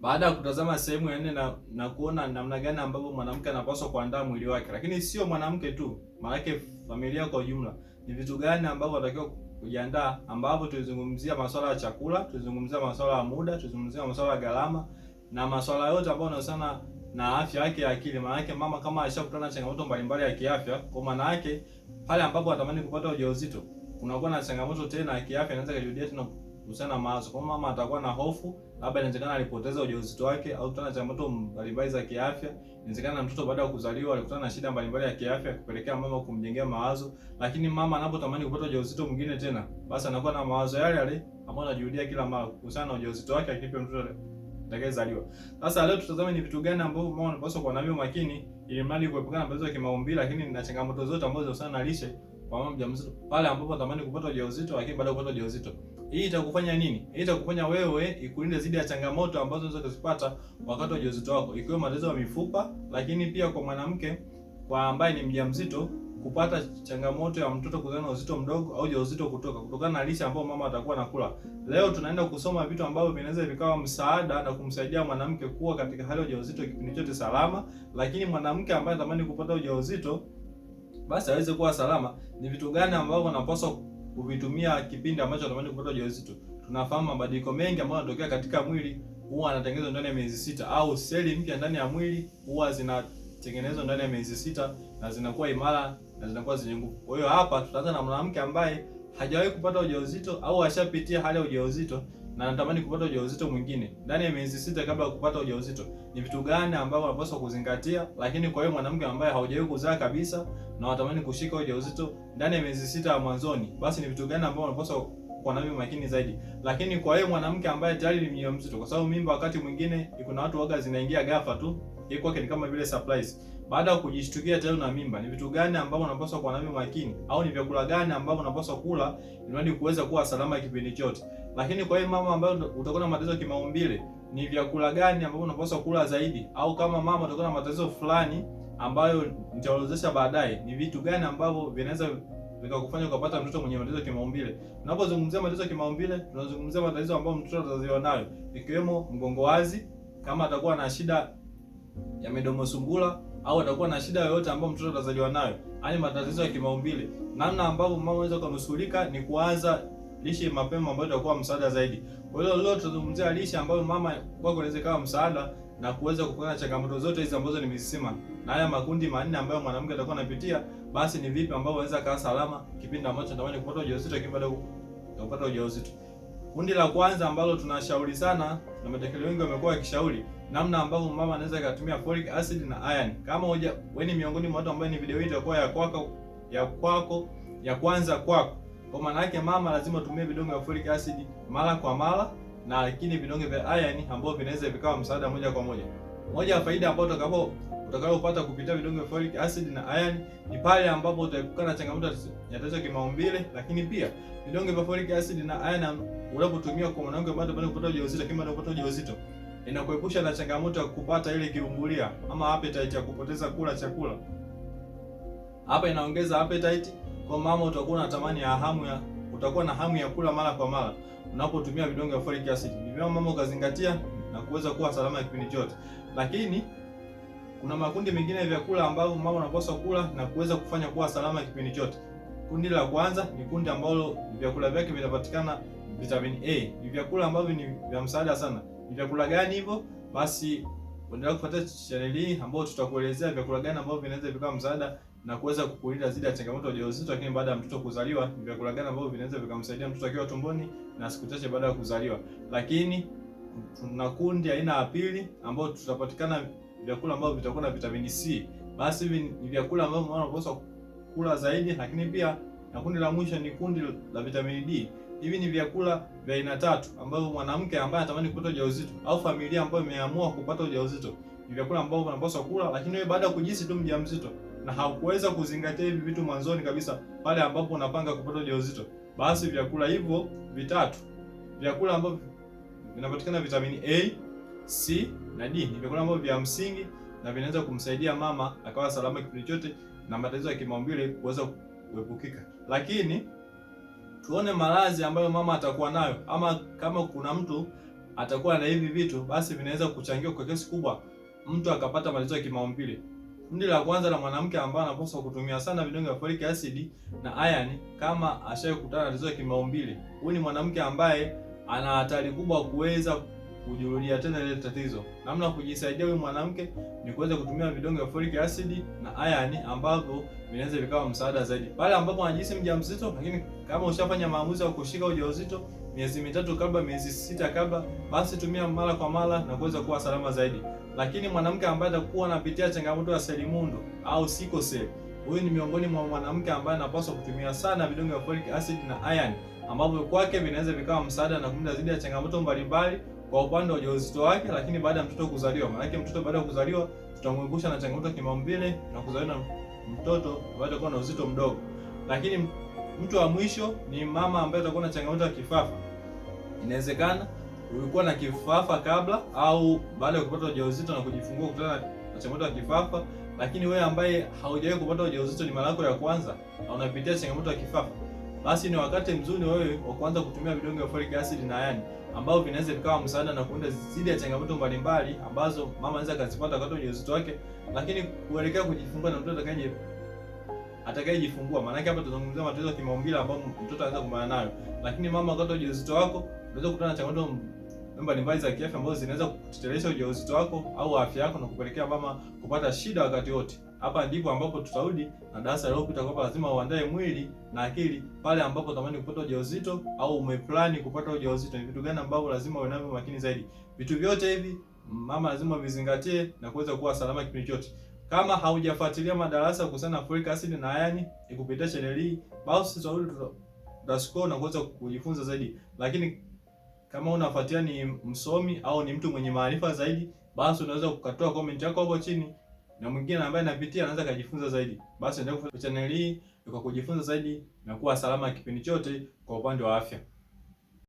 baada ya kutazama sehemu ya nne na, na kuona namna gani ambavyo mwanamke anapaswa kuandaa mwili wake, lakini sio mwanamke tu, maanake familia kwa ujumla, ni vitu gani ambavyo anatakiwa kujiandaa, ambavyo tulizungumzia masuala ya chakula, tulizungumzia masuala ya muda, tulizungumzia masuala ya gharama na masuala yote ambayo yanahusiana na afya yake ya akili. Maanake mama kama ashakutana na changamoto mbalimbali ya kiafya, kwa maana yake pale ambapo atamani kupata ujauzito, kunakuwa na changamoto tena ya kiafya, inaweza kujirudia tena kuhusiana na mawazo. Kwa mama atakuwa na hofu, labda inawezekana alipoteza ujauzito wake au kutana changamoto mbalimbali za kiafya. Inawezekana na mtoto baada ya kuzaliwa alikutana na shida mbalimbali ya kiafya kupelekea mama kumjengea mawazo, lakini mama anapotamani kupata ujauzito mwingine tena, basi anakuwa na mawazo yale yale ambayo anajirudia kila mara kuhusiana na ujauzito wake akilipe mtoto atakayezaliwa. Sasa leo tutazame ni vitu gani ambavyo mama anapaswa kuwa navyo makini ili mradi kuepukana na matatizo ya kimaumbile, lakini na changamoto zote ambazo zinahusiana na lishe kwa mama mjamzito pale ambapo anatamani kupata ujauzito, lakini baada ya kupata ujauzito, hii itakufanya nini? Hii itakufanya wewe ikulinde zidi ya changamoto ambazo unaweza kuzipata wakati wa ujauzito wako, ikiwa matatizo ya mifupa, lakini pia kwa mwanamke kwa ambaye ni mjamzito kupata changamoto ya mtoto kuzaa na uzito mdogo au ujauzito kutoka kutokana na lishe ambayo mama atakuwa anakula. Leo tunaenda kusoma vitu ambavyo vinaweza vikawa msaada na kumsaidia mwanamke kuwa katika hali ya ujauzito kipindi chote salama, lakini mwanamke ambaye anatamani kupata ujauzito basi aweze kuwa salama, ni vitu gani ambavyo unapaswa kuvitumia kipindi ambacho anatamani kupata ujauzito. Tunafahamu mabadiliko mengi ambayo yanatokea katika mwili huwa anatengenezwa ndani ya miezi sita, au seli mpya ndani ya mwili huwa zinatengenezwa ndani ya miezi sita na zinakuwa imara na zinakuwa zenye nguvu. Kwa hiyo hapa tutaanza na mwanamke ambaye hajawahi kupata ujauzito au ashapitia hali ya ujauzito na natamani kupata ujauzito mwingine ndani ya miezi sita kabla ya kupata ujauzito, ni vitu gani ambavyo unapaswa kuzingatia? Lakini kwa hiyo mwanamke ambaye haujawahi kuzaa kabisa na unatamani kushika ujauzito ndani ya miezi sita ya mwanzoni, basi ni vitu gani ambavyo unapaswa kwa nami makini zaidi? Lakini kwa hiyo mwanamke ambaye tayari ni mjamzito, kwa sababu mimba wakati mwingine kuna watu waga zinaingia ghafla tu, hiyo kwake ni kama vile surprise baada ya kujishtukia tayari na mimba, ni vitu gani ambavyo unapaswa kuwa navyo makini, au ni vyakula gani ambavyo unapaswa kula ili kuweza kuwa salama kipindi chote? Lakini kwa hiyo mama ambayo utakuwa na matatizo kimaumbile, ni vyakula gani ambavyo unapaswa kula zaidi? Au kama mama utakuwa na matatizo fulani ambayo nitaorodhesha baadaye, ni vitu gani ambavyo vinaweza vikakufanya ukapata mtoto mwenye matatizo kimaumbile. Tunapozungumzia matatizo kimaumbile, tunazungumzia matatizo ambayo mtoto atazaliwa nayo, ikiwemo mgongo wazi, kama atakuwa na shida ya midomo sungula au atakuwa na shida yoyote ambayo mtoto atazaliwa nayo, yaani matatizo ya kimaumbile. Namna ambavyo mama anaweza kunusulika ni kuanza lishe mapema ambayo itakuwa msaada zaidi. Kwa hiyo leo tutazungumzia lishe ambayo mama kwako inaweza kawa msaada na kuweza kupona changamoto zote hizi ambazo nimezisema, na haya makundi manne ambayo mwanamke atakuwa anapitia, basi ni vipi ambavyo anaweza kaa salama kipindi ambacho anatamani kupata ujauzito, lakini bado kupata ujauzito. Kundi la kwanza ambalo tunashauri sana na madaktari wengi wamekuwa wakishauri namna ambavyo mama anaweza kutumia folic acid na iron. Kama hoja wewe ni miongoni mwa watu ambao ni video hii itakuwa ya kwako ya kwako ya kwanza kwako kwa maana yake mama lazima tumie vidonge vya folic acid mara kwa mara, na lakini vidonge vya iron ambavyo vinaweza vikawa msaada moja kwa moja. Moja ya faida ambayo utakapo utakayopata kupitia vidonge vya folic acid na iron ni pale ambapo utaepukana na changamoto ya tatizo kimaumbile, lakini pia vidonge vya folic acid na iron unapotumia kwa mwanamke bado bado kupata ujauzito, kama unapata ujauzito inakuepusha na changamoto ya kupata ile kiungulia ama appetite ya kupoteza kula chakula. Hapa inaongeza appetite kwa mama utakuwa na tamani ya hamu ya utakuwa na hamu ya kula mara kwa mara unapotumia vidonge vya folic acid. Ni vyema mama ukazingatia na kuweza kuwa salama kipindi chote. Lakini kuna makundi mengine ya vyakula ambavyo mama anapaswa kula na kuweza kufanya kuwa salama kipindi chote. Kundi la kwanza ni kundi ambalo vyakula vyake vinapatikana vitamin A. Ni vyakula ambavyo ni vya msaada sana. Ni vyakula gani hivyo? Basi endelea kufuata chaneli hii ambayo tutakuelezea vyakula gani ambavyo vinaweza vikawa msaada na kuweza kukulinda dhidi ya changamoto ya ujauzito, lakini baada ya mtoto kuzaliwa, vyakula gani ambavyo vinaweza vikamsaidia mtoto akiwa tumboni na siku chache baada ya kuzaliwa. Lakini tuna kundi aina ya pili ambao tutapatikana vyakula ambavyo vitakuwa na vitamini C. Basi hivi ni vyakula ambavyo anapaswa kula zaidi, lakini pia na kundi la mwisho ni kundi la vitamini D. Hivi ni vyakula vya aina tatu ambavyo mwanamke ambaye anatamani kupata ujauzito au familia ambayo imeamua kupata ujauzito ni vyakula ambavyo unapaswa kula, lakini wewe baada ya kujisi tu mjamzito na haukuweza kuzingatia hivi vitu mwanzoni kabisa, pale ambapo unapanga kupata ujauzito, basi vyakula hivyo vitatu, vyakula ambavyo vinapatikana vitamini A, C na D, ni vyakula ambavyo vya msingi na vinaweza kumsaidia mama akawa salama kipindi chote na matatizo ya kimaumbile kuweza kuepukika. Lakini tuone maradhi ambayo mama atakuwa nayo, ama kama kuna mtu atakuwa na hivi vitu, basi vinaweza kuchangia kwa kiasi kubwa mtu akapata matatizo ya kimaumbile. Kundi la kwanza la mwanamke ambaye anapaswa kutumia sana vidonge vya folic acid na iron kama ashayekutana na tatizo ya kimaumbile. Huyu ni mwanamke ambaye ana hatari kubwa kuweza kujirudia tena ile tatizo. Namna kujisaidia huyu mwanamke ni kuweza kutumia vidonge vya folic acid na iron ambavyo vinaweza vikawa msaada zaidi. Pale ambapo anajihisi mjamzito, lakini kama ushafanya maamuzi ya kushika ujauzito miezi mitatu kabla, miezi sita kabla, basi tumia mara kwa mara na kuweza kuwa salama zaidi. Lakini mwanamke ambaye atakuwa anapitia changamoto ya selimundu au sikoseli, huyu ni miongoni mwa mwanamke ambaye anapaswa kutumia sana vidonge vya folic acid na iron ambavyo kwake vinaweza vikawa msaada na kumlinda dhidi ya changamoto mbalimbali kwa upande wa ujauzito wake, lakini baada ya mtoto kuzaliwa. Maana mtoto baada ya kuzaliwa tutamwepusha na changamoto ya kimaumbile na kuzaliwa na mtoto ambaye atakuwa na uzito mdogo. Lakini mtu wa mwisho ni mama ambaye atakuwa na changamoto ya kifafa, inawezekana ulikuwa na kifafa kabla au baada ya kupata ujauzito na kujifungua kutana na changamoto ya kifafa, lakini wewe ambaye haujawahi kupata ujauzito, ni mara yako ya kwanza na unapitia changamoto ya kifafa, basi ni wakati mzuri wewe wa kuanza kutumia vidonge vya folic acid na iron ambao vinaweza vikawa msaada na kuunda zidi ya changamoto mbalimbali ambazo mama anaweza akazipata wakati wa ujauzito wake, lakini kuelekea kujifungua na mtoto atakaye atakayejifungua. Maana yake hapa tunazungumzia matatizo ya kimaumbile ambayo mtoto anaweza kumbana nayo, lakini mama, wakati wa ujauzito wako unaweza kukutana na changamoto mbalimbali za kiafya ambazo zinaweza kuteteresha ujauzito wako au afya yako na kupelekea mama kupata shida wakati wote. Hapa ndipo ambapo tutarudi na darasa lililopita kwamba lazima uandae mwili na akili pale ambapo utamani kupata ujauzito au umeplani kupata ujauzito. Ni vitu gani ambavyo lazima uwe navyo makini zaidi? Vitu vyote hivi mama lazima vizingatie na kuweza kuwa salama kipindi chote. Kama haujafuatilia madarasa kuhusiana na folic acid na iron kupitia channel hii, basi tutarudi tutascore na kuweza kujifunza zaidi, lakini kama unafuatia ni msomi au ni mtu mwenye maarifa zaidi, basi unaweza kukatoa comment yako hapo chini, na mwingine ambaye anapitia anaweza kujifunza zaidi. Basi endelea kufuatilia channel hii kwa kujifunza zaidi na kuwa salama kipindi chote kwa upande wa afya.